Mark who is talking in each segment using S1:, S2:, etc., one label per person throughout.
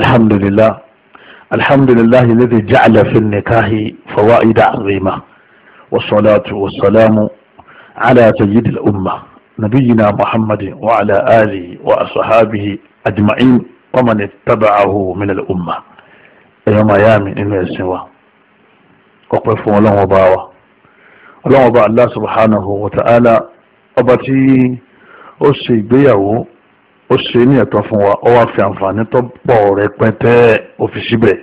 S1: الحمد لله الحمد لله الذي جعل في النكاح فوائد عظيمة والصلاة والسلام على سيد الأمة نبينا محمد وعلى آله وأصحابه أجمعين ومن اتبعه من الأمة يوم يامي إنه يسوى وقفوا لهم وباوة لهم وباء الله سبحانه وتعالى أبتي أسي بيهو ó ṣe ní ẹ̀tọ́ fún wa ó wá fi àǹfààní tó pọ̀ rẹpẹtẹ òfin síbẹ̀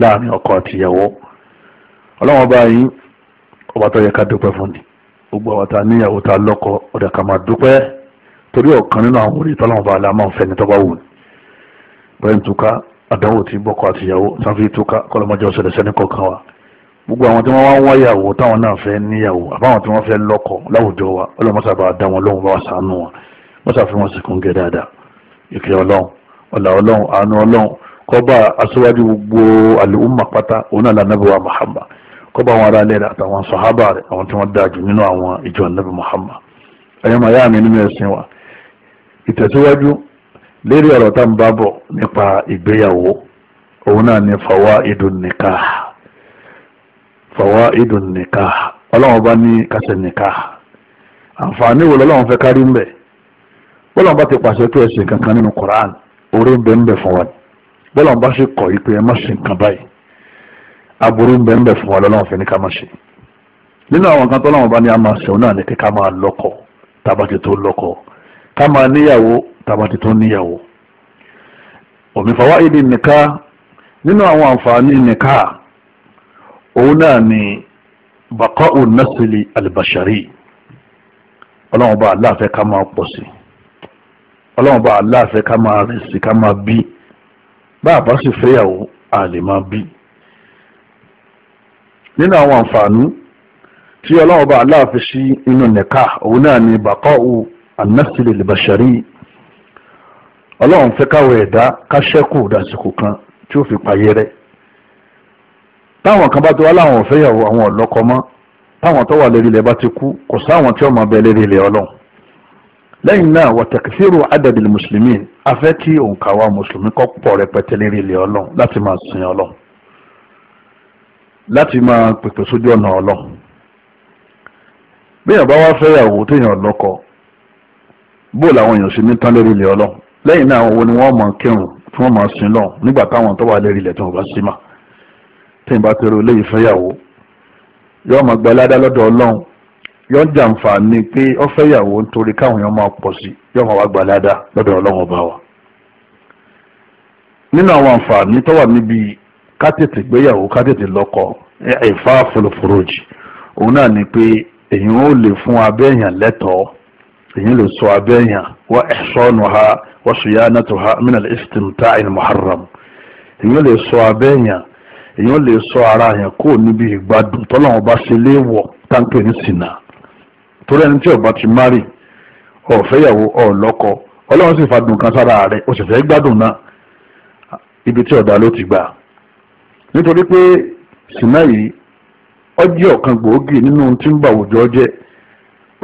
S1: láàrin ọkọ àtìyàwó ọlọ́wọ́n báyìí ọba tó yẹ ká dúpẹ́ fún ni gbogbo àwọn tá a níyàwó tá a lọ́kọ ọ̀dà ká máa dúpẹ́ torí ọ̀kan nínú àwọn orí tọ́lọ́wọ́n bá a la máa ń fẹ́ ni tó bá wù ní. bẹ́ẹ̀ ntúkà àdánwò tí bọ́kọ àtìyàwó sanfi túkà kọ́lọ́mọjọ́ ṣẹlẹ̀ sẹ́ni kọ̀ọ̀kan wa gbogbo àwọn tí wọ́n wá ń wáyàwó táwọn náà fẹ́ níyàwó àbáwọn tí wọ́n fẹ́ lọ́kọ láwùjọ wa ọlọ́mọṣàbà dá wọn lóhùn bá sànú wọn mọ́ṣàfihàn sì kún gẹ́ dáadáa ìkẹ́ ọlọ́run ọ̀là ọlọ́run àánú ọlọ́run kọ́ba aṣíwájú gbogbo àlùmọ̀ pátá òun náà lànàbí wa Muhammad kọ́ba àwọn ará ilé rẹ̀ àtàwọn sọ̀hábà rẹ̀ àwọn tí wọ́n dáa jù nínú àwọn ìjọ ànàbí Muhammad ẹ̀yọ́ màá yá mi nínú ẹ̀sìn wa ìtẹ̀síwájú lérí ọ̀rọ̀ tá à ń bá bọ̀ nípa ìgbéyàwó òun náà ní fawaidun nikah fawaidun nikah ọlọ́run bá ní kásẹ̀ nikah àǹfààní wo lọ́lọ́run fẹ́ kárí ń bẹ̀ bọ́lọ̀n bá ti pàṣẹ pé ẹ ṣe nǹkan kan nínú Quran orí ń bẹ ń bẹ fún wa bọ́lọ̀n bá ṣe kọ̀ yìí pé ẹ má ṣe nǹkan báyìí aburú ń bẹ ń bẹ fún wa lọ́lọ́wọ́n fẹ́ ní ká má ṣe nínú àwọn kan tọ́lọ́wọ́n bá ní a máa ṣẹ̀wọ́n náà ní kí ká máa lọ́kọ tába ti tó lọ́kọ ká máa níyàwó tába ti tó níyàwó òmìn fàwa ìdí nìka nínú àwọn àǹfààní nìka òun náà ni bàkọ́ òun násìlì àlìbàṣàrí ọlọ́wọ́n bá aláàfẹ́ ká máa pọ̀ sí i ọlọ́run bá aláàfẹ́ ká máa rìn sí ká máa bí bá a bá sì fẹ́yàwó a lè máa bí. nínú àwọn àǹfààní tí ọlọ́run bá aláàfẹ́ sí inú nìka òun náà ni bàkọ́ù anásílè lìbàṣẹ́rì ọlọ́run fẹ́ káwọ ẹ̀dá ká ṣẹ́kù dàsìkò kan tí ó fi payé rẹ̀ táwọn kan bá tó wá láwọn ò àwọn ọ̀lọ́kọ mọ́ táwọn tó wà lérí ilẹ̀ bá ti kú kò sáwọn tí ó máa bẹ lérí ilẹ̀ ọlọ́run lẹ́yìn náà wọ̀tẹ̀kẹ́sìrò adadil mùsùlùmí afẹ́ kí òǹkà wa mùsùlùmí kọ́ pọ̀ rẹpẹtẹ lérí ilẹ̀ ọlọ́run láti máa sin ọlọ́run láti máa pèpè sójú ọ̀nà ọlọ́run béèyàn bá wá fẹ́yàwó téèyàn lọ́kọ bó làwọn èèyàn ṣe ní tán lérí ilẹ̀ ọlọ́run lẹ́yìn náà wo ni wọ́n máa kírun tí wọ́n máa sin lọ́run nígbà táwọn tó wà lérí ilẹ̀ tí wọ́n bá sí mà téèyàn bá yọ̀ọ́ jàǹfààní pé ó fẹ́ yàwó nítorí káwọn èèyàn máa pọ̀ sí yọ̀ọ́ máa wá gbà ládàá lọ́dọ̀ ọlọ́run ọba wa. nínú àwọn àǹfààní tó wà níbi ká tètè gbéyàwó ká tètè lọ́kọ ẹ̀fà fòlòfòròjì òun náà ni pé èyàn ò lè fún abẹ́yàn lẹ́tọ̀ọ́ èyàn lè sọ abẹ́yàn wá ẹ̀ṣọ́nu ha wá ṣùyánátò ha min al-istimta' al-muharram èyàn èyàn lè sọ ara yẹn kó níbi ìgbádùn tọ́lọ́wọ́n bá ṣe léèwọ̀ táǹpẹ̀ ní sinna torí ẹni tí ọba ti mari ọ̀fẹ́yàwó ọ̀lọ́kọ ọlọ́run sì fàdùn kan sára rẹ̀ ó ibi tí ọ̀dà ló ti gbà nítorí pé sinna yìí ọjẹ́ ọ̀kan gbòógì nínú tí ń ba àwùjọ jẹ́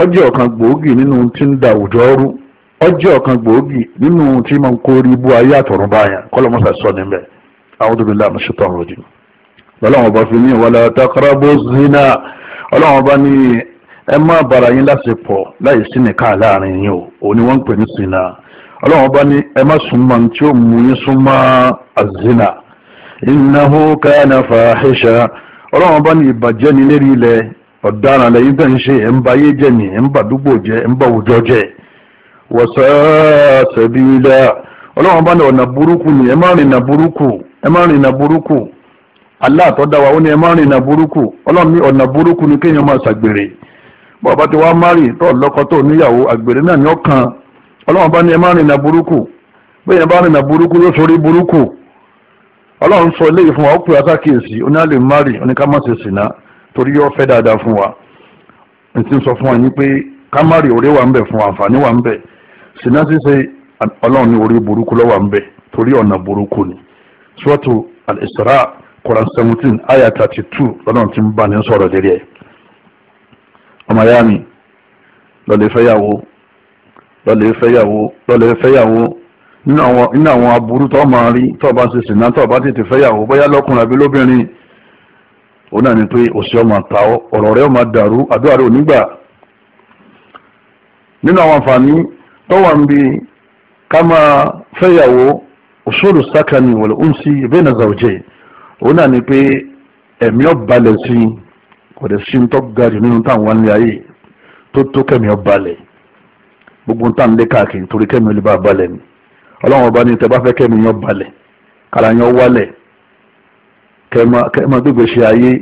S1: ọjẹ́ gbòógì nínú tí ń da àwùjọ rú gbòógì nínú tí máa ń ibú ayé àtọ̀run sọ níbẹ̀ fi ní zina ẹ má bára yín láṣepọ̀ láì sí nìka láàrin yín o òun ni wọ́n ń pè ní sinna ọlọ́run bá ní ẹ má súnmọ́ tí ó mú yín súnmọ́ azina ni lérí ilẹ̀ ọ̀daràn lẹ́yìn ń ṣe ẹ̀ ń ba ayé jẹ́ ni ẹ̀ ń ba àdúgbò jẹ́ ẹ̀ ń ba jẹ́ ni ẹ má rìnà burúkú ẹ má rìnà burúkú ó ní ẹ má rìnà burúkú ọlọ́run ní bọ́ọ̀bá ti wá mari tó tó níyàwó àgbèrè náà ní ọkàn ọlọ́run bá ní ẹ má rìnà burúkú bá rìnà burúkú yóò sorí burúkú ọlọ́run sọ eléyìí mari sìnà torí yóò fẹ́ dáadáa n sọ fún wa yín pé ká mari òré wà ń wa àǹfààní wà ń sìnà ọlọ́run ní orí burúkú lọ́wọ́ torí ọ̀nà burúkú ni al-Isra Quran seventeen ayah thirty two ọmọ ya mi lọ́lẹ̀ fẹ́yàwó lọ́lẹ̀ fẹ́yàwó lọ́lẹ̀ fẹ́yàwó nínú àwọn aburú tó máa rí tó bá ṣe sìnà tó bá tètè fẹ́yàwó bóyá lọ́kùnrin àbí lóbìnrin òun náà ni pé òsì ọmọ ta ọ̀rọ̀ rẹ̀ ọmọ dàrú àdúrà rẹ̀ onígbà nínú àwọn àǹfààní tó wà ń bi ká máa fẹ́yàwó òṣòro sákàní wọ̀lẹ̀ ó ń sí ìbéèrè zàwùjẹ́ òun náà ni pé ẹ̀mí ọ̀balẹ̀ sí i kọ̀dẹ̀ sí ń tọ́ga jù nínú táwọn wá nílé ayé tó tó kẹ́mi ọ balẹ̀ gbogbo ń tàn lé káàkiri torí kẹ́mi ò lè bá balẹ̀ ni ọlọ́run ọba ní tẹ́ fẹ́ kẹ́mi yọ balẹ̀ kára yọ wálẹ̀ kẹ́mọ gbégbé ṣe ayé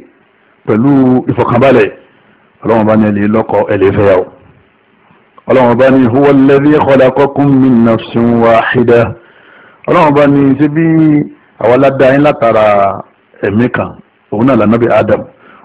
S1: pẹ̀lú ìfọkànbalẹ̀ ọlọ́run ọba ní ẹ lọ́kọ ẹ lè fẹ́yàwó ọlọ́run ọba ní huwa alladhi khalaqakum min nafsin wahida ọlọ́run ọba ní ṣe bí àwọn aládàáyín látara ẹ̀mí kan òun náà lànà bí Adam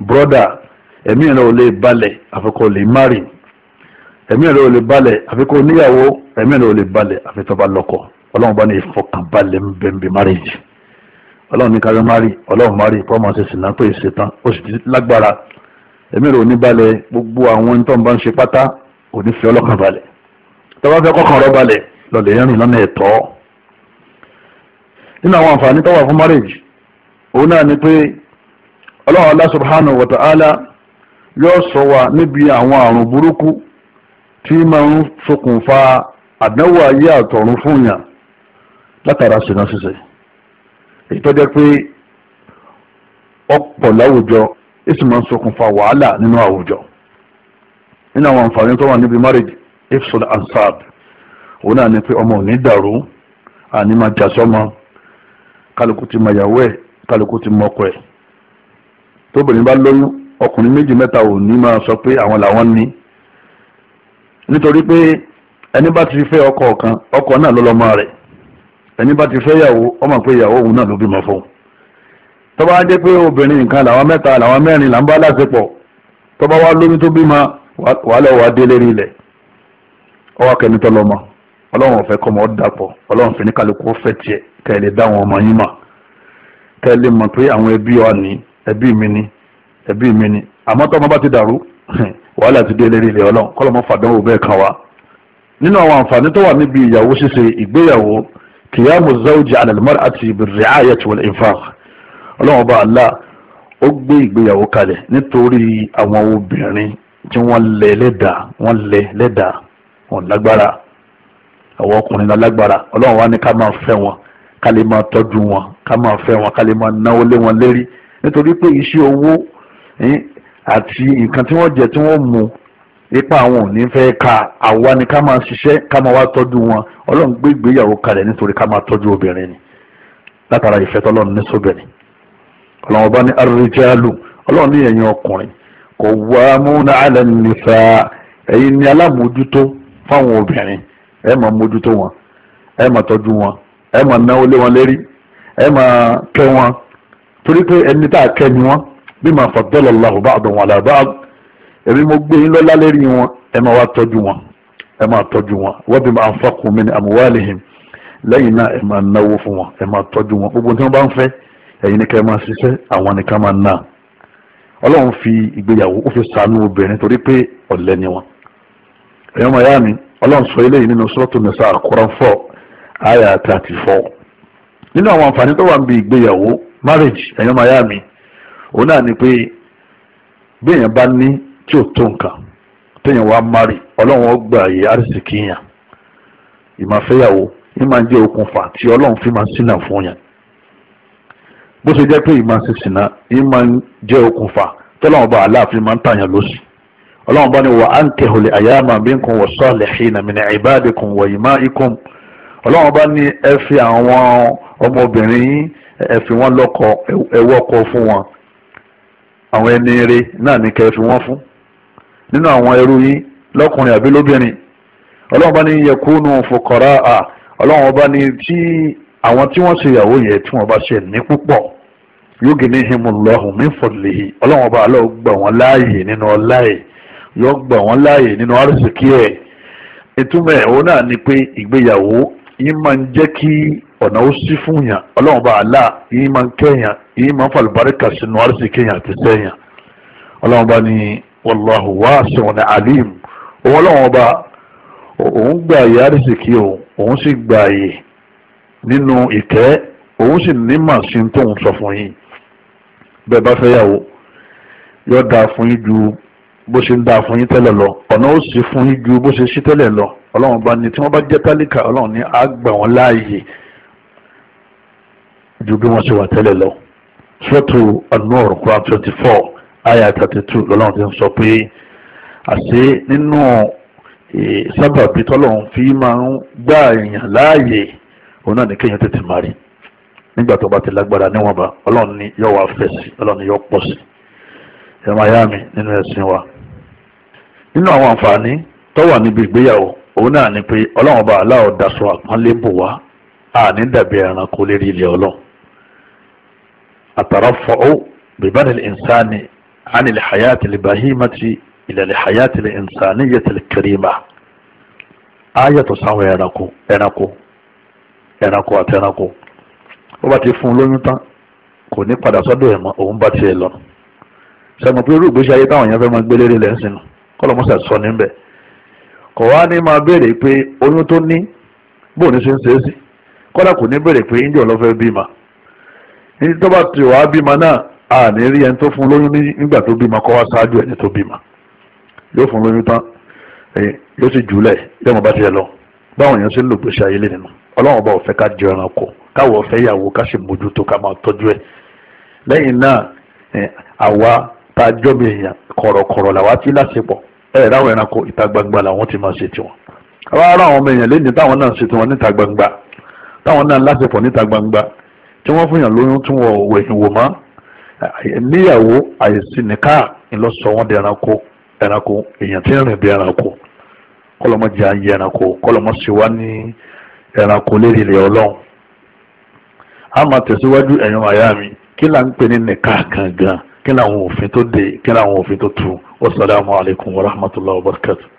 S1: broda ẹ̀mí rẹ̀ ò lè balẹ̀ àfikún lè mari ẹ̀mí rẹ̀ ò lè balẹ̀ àfikún níyàwó ẹ̀mí rẹ̀ ò lè balẹ̀ àfikún bá lọ́kọ ọlọ́run bá ní ìfọkànbalẹ̀ ń bẹ̀ ń bẹ̀ marriage ọlọ́run ní kárí mari ọlọ́run mari pọ́nmọ́ ṣe sì náà pé ìṣetán ó sì ti lágbára ẹ̀mí rẹ̀ ò ní balẹ̀ gbogbo àwọn tó ń bá ń ṣe pátá ò ọlọ́kàn balẹ̀ tọ́ba fẹ́ kọ́kàn rọ balẹ̀ lọ́lẹ̀ yẹn rìn lọ́nà ọlọ́run Allah subhanahu yóò sọ wa níbi àwọn àrùn burúkú tí máa ń ṣokùnfà àdánwò ayé àtọ̀run fún yàn látara ṣìnà ṣíṣe èyí tó jẹ́ pé ọ̀pọ̀ láwùjọ èsì máa ń ṣokùnfà wàhálà nínú àwùjọ nínú àwọn àǹfààní tó wà níbi marriage ansab òun náà ni pé ọmọ sọmọ kálukú ti kálukú tóbìnrin bá lóyún ọkùnrin méjì mẹ́ta ò ní máa sọ pé àwọn làwọn ní nítorí pé ẹni bá ti fẹ́ ọkọ kan ọkọ náà ló lọ́mọ rẹ̀ ẹni bá ti fẹ́ yàwó ọmọ pé yàwó òun náà ló bímọ fún un tó bá jẹ́ pé obìnrin nǹkan làwọn mẹ́ta làwọn mẹ́rin là ń wà ilẹ̀ ọwọ́ lọ́mọ ọlọ́run ọ̀fẹ́ ọ́ dàpọ̀ ọlọ́run tiẹ̀ kẹ́ ẹ lè dá àwọn ọmọ yín mọ̀ kẹ́ wa ẹbí mi ni ẹbí mi ni àmọ́ tọ́mọ bá ti dàrú wàhálà ti dé lérí ilẹ̀ ọlọ́run kọ́lọ́mọ fàdánwò bẹ́ẹ̀ kan wa nínú àwọn àǹfààní tó wà níbi ìyàwó ṣíṣe ìgbéyàwó kìyàmù zawji alalmar àti birri'ayati wal infaq ọlọ́run bá Allah ó gbé ìgbéyàwó kalẹ̀ nítorí àwọn obìnrin tí wọ́n lẹ lẹ́dàá wọ́n lẹ lẹ́dàá wọn lágbára àwọn ọkùnrin náà lágbára ọlọ́run wá ní ká máa fẹ́ wọn ká lè máa tọ́jú wọn ká máa fẹ́ wọn ká lè máa náwó lé wọn lérí nítorí pé iṣẹ́ owó àti nǹkan tí wọ́n jẹ tí wọ́n mu ipa àwọn ò ní fẹ́ ka àwa ni ká máa ṣiṣẹ́ ká máa wá tọ́jú wọn ọlọ́run gbé ìgbéyàwó kalẹ̀ nítorí ká máa tọ́jú obìnrin ni látara ìfẹ́ tọ́lọ́run ní sóbìnrin ọlọ́run ọba ní ar-rijalu ọlọ́run ní ẹ̀yin ọkùnrin qawwamuna 'ala an-nisa ẹ̀yin ni alámòójútó fáwọn obìnrin ẹ máa mójútó wọn ẹ máa tọ́jú wọn ẹ máa náwó lé wọn lérí ẹ máa kẹ́ wọn torí pé ẹni tá a kẹ́ ni wọ́n bima faddala Allahu ba'dahum ala ba'd èmi mo gbé yín lọ́lá lérí wọn ẹ máa wá tọ́jú wọn ẹ máa tọ́jú wọn wa bima anfaqu min amwalihim lẹ́yìn náà ẹ máa náwó fún wọn ẹ máa tọ́jú wọn gbogbo tí wọ́n bá ń fẹ́ ẹ̀yin ni ká ẹ máa ṣiṣẹ́ àwọn ni ká máa ná ọlọ́run fi ìgbéyàwó ó fi sànú obìnrin torí pé ọ̀lẹ ni wọn ẹ̀yọ́ máa yá mi ọlọ́run marriage ẹ̀yàn máa yá mi òun náà ni pé bí èèyàn bá ní tí ò tó nǹkan téèyàn wá mari ọlọ́run ó gbà yé àrísìkí yàn ìmàfẹ́yàwó yín máa ń jẹ́ okùnfà tí ọlọ́run fi máa ń ṣínà fún yàn bó ṣe jẹ́ pé ìmọ̀ ṣìṣìnà yín máa ń jẹ́ okùnfà tọ́lọ́run bá aláàfin máa ń tàyàn lọ́sì ọlọ́run bá ní wà á ń kẹ́hùlẹ̀ àyàmà minkum wassalihina min ibadikum wa imaikum ọlọ́run bá ní ẹ fi àwọn ọmọbìnrin yín ẹ fi wọ́n lọ́kọ ẹ wọ́kọ fún wọn àwọn ẹni rẹ náà ní kẹ́ ẹ fi wọ́n fún nínú àwọn ẹrú yín lọ́kùnrin àbí lóbìnrin ọlọ́run bá ní yẹkúnú fòkọ̀rá à ọlọ́run bá ní tí àwọn tí wọ́n ṣe ìyàwó yẹn tí wọ́n bá ṣe ní púpọ̀ yóò gé ní himulọ́hùn mí fọ̀lẹ́hì ọlọ́run bá lọ́ọ́ gbà wọ́n láàyè nínú ọlá ẹ̀ yóò gbà wọ́n láàyè nínú àrísìkí ẹ̀ ìtumọ̀ ẹ̀ òun náà ni pé ìgbéyàwó yín máa ń jẹ́ kí ọ̀nà ó sí fún yàn ọlọ́run bá àlá yìí máa ń kẹ́yàn yìí máa ń fa àlùbáríkà sínú àrísì kẹ́yàn àti sẹ́yàn ọlọ́run bá ní wàláhù wasi'un alim òun ọlọ́run bá òun gba àyè àrísì kí òun òun sì gba àyè nínú ìtẹ́ òun sì ní màá sí tóun sọ fún yín bẹ́ẹ̀ bá fẹ́ yàwó yóò dáa fún yín ju bó ṣe ń dáa fún yín tẹ́lẹ̀ lọ ọ̀nà ó sì fún yín ju bó ṣe ṣí tẹ́lẹ̀ lọ ọlọ́run bá ní tí wọ́n bá jẹ́ tálíkà ọlọ́run ní á gbà láàyè ju bí wọ́n ṣe wà tẹ́lẹ̀ lọ sọ́tù anur quran twenty four ayah thirty two lọ́lọ́run ti ń sọ pé àṣé nínú e, sábàbí tọ́lọ́run fi máa ń gbà èèyàn láàyè òun náà ní kéèyàn tètè máa rí nígbà tó bá ti lágbára níwọ̀nba ọlọ́run ni yóò wá fẹ̀ sí ọlọ́run ni yóò pọ̀ sí ẹ̀rọ ayáàmì nínú ẹ̀sìn wa nínú àwọn àǹfààní tó wà níbi ìgbéyàwó òun náà ni pé ọlọ́run bá aláwọ̀ daṣọ àpọ́nlé bò wá àní dàbí ẹranko lérí ilẹ̀ ọlọ́run الترفع ببني الإنسان عن الحياة البهيمة إلى الحياة الإنسانية الكريمة آية تساوي ẹranko ẹranko ẹranko àti ẹranko ó bá ti fún un lóyún tán kò ní padà sọ́dọ̀ ẹ̀ mọ́ òun bá tiẹ̀ lọ sẹ́mu pé irú ìgbésí ayé táwọn èèyàn fẹ́ máa gbélé rẹ̀ lẹ́sìn kọ́lọ́ mọ́sà sọ níbẹ̀ kò wá ní máa béèrè pé oyún tó ní bóun ní ṣe ń ṣe é sí kọ́lá kò ní béèrè pé india ọlọ́fẹ́ bímọ ní tó bá ti wàá bímọ náà a ní rí ẹni tó fún lóyún nígbà tó bímọ kọ́ wá ṣáájú ẹni tó bímọ yóò fún lóyún tán yóò sì jùlẹ̀ yóò mọ̀ bá tiẹ̀ lọ báwọn èèyàn ṣe ń lò gbèsè ayé lè nínú ọlọ́run ọba ọ̀fẹ́ ká jẹ ẹranko káwọ̀ ọ̀fẹ́ ìyàwó ká sì mójútó ká máa tọ́jú ẹ̀ lẹ́yìn náà àwa tá a jọ́ mi èèyàn kọ̀rọ̀kọ̀rọ̀ làwa ti láṣepọ̀ ẹ̀ ráwọn ẹranko ìta gbangba làwọn ti máa ṣe tiwọn àwa ara àwọn ọmọ èèyàn lẹ́yìn táwọn náà ṣe tiwọn níta gbangba táwọn náà láṣepọ̀ níta gbangba tí wọ́n fún yàn lóyún tí wọ́n wò ẹ̀yìn wò mọ́ níyàwó àìsí nìka ńlọsọ wọn di ẹranko ẹranko èèyàn tí ń rìn bí ẹranko kọlọmọ jẹ àyè ẹranko kọlọmọ sì wá ní ẹranko lérí ilẹ̀ ọlọ́run a máa tẹ̀síwájú ẹ̀yàn àyà mi kí là ń pè ní nìka gangan kí làwọn òfin tó de kí làwọn òfin tó tu wasalaamualeykum wa rahmatulahi wa barakatu.